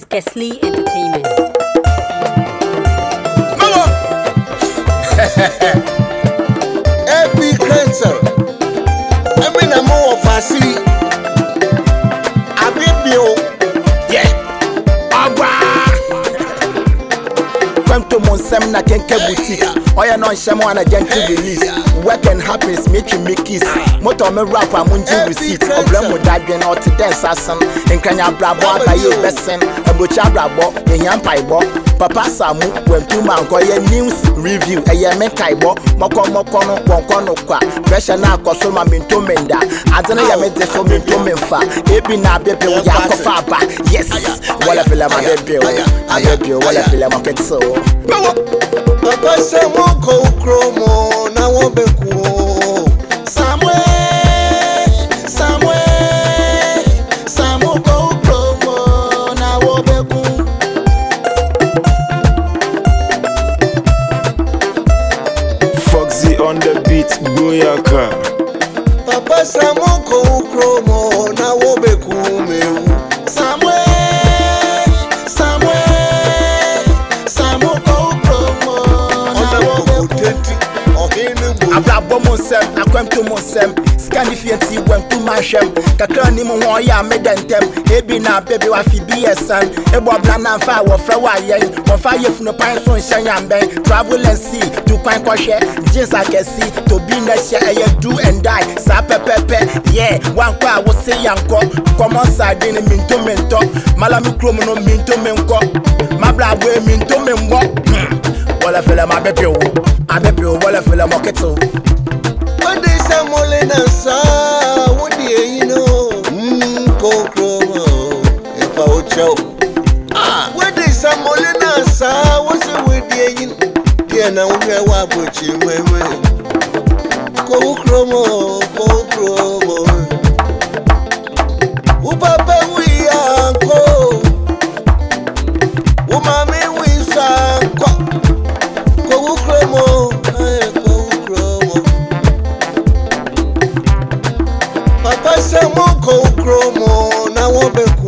Alex Kesley Entertainment. Mama! Happy cancer. I mean, I'm more of a city. mo nsɛm na kɛnkɛ boutique ɔyɛ no nhyɛ mo ana gentle release work and happiness metwi me kiss motɔ me rap a mongye receipt ɔbrɛ mo dadwen ɔte dɛ nsa sen nkanya abrabɔ abayɛ bɛsen abokyi abrabɔ ɛhia mpaebɔ papa samu wantu mankɔ yɛ news review ɛyɛ me nkaebɔ mɔkɔ mɔkɔ no pɔnkɔ no kwa pressure na akɔ so ma minto mi nda adi ne yɛ mi di so minto mi nfa ebi na abebe wo yɛ akɔ fa aba yes wɔlɛ filɛ ma abebe wo abebe wo wɔlɛ filɛ ma kete wo. bàbá sẹ́wọ̀n kò kúrò mọ́ náà wọ́n bẹ kú o. yaka papa samoko ukromo nawo bekume samwe samwe samoko ukromo nawo bekume mu nsɛm akwam to mu nsɛm sika ne fie nti to ma hwɛm kakra ne mu wɔn yɛ a meda ntɛm ebi na bebe wafi bi yɛ san ebɔ bla na mfa a wɔfrɛ wɔ ayɛn wɔmfa yɛ funu pan so nhyɛn yambɛn travel and see tu kwan kɔhwɛ jeans akɛse tobi na hyɛ e ɛyɛ do and die saa pɛpɛpɛ yɛ wankɔ a wose yankɔ kɔmɔ saade ne minto mintɔ malami kurom no minto Mabla mabrabo minto mimbɔ wɔlɛfɛlɛ ma bɛ pewu a bɛ pewu wɔlɛfɛlɛ mɔkɛtew. saa wosi wudi eyin deɛ na wohwɛ wɔ abɔkyi mmɛmɛ kɔwu kurom o kɔwu kurom o wo papa wui anko wo maame wui so ankɔ kɔwu kurom o papa sɛ mo kɔwu kurom o na wɔbɛku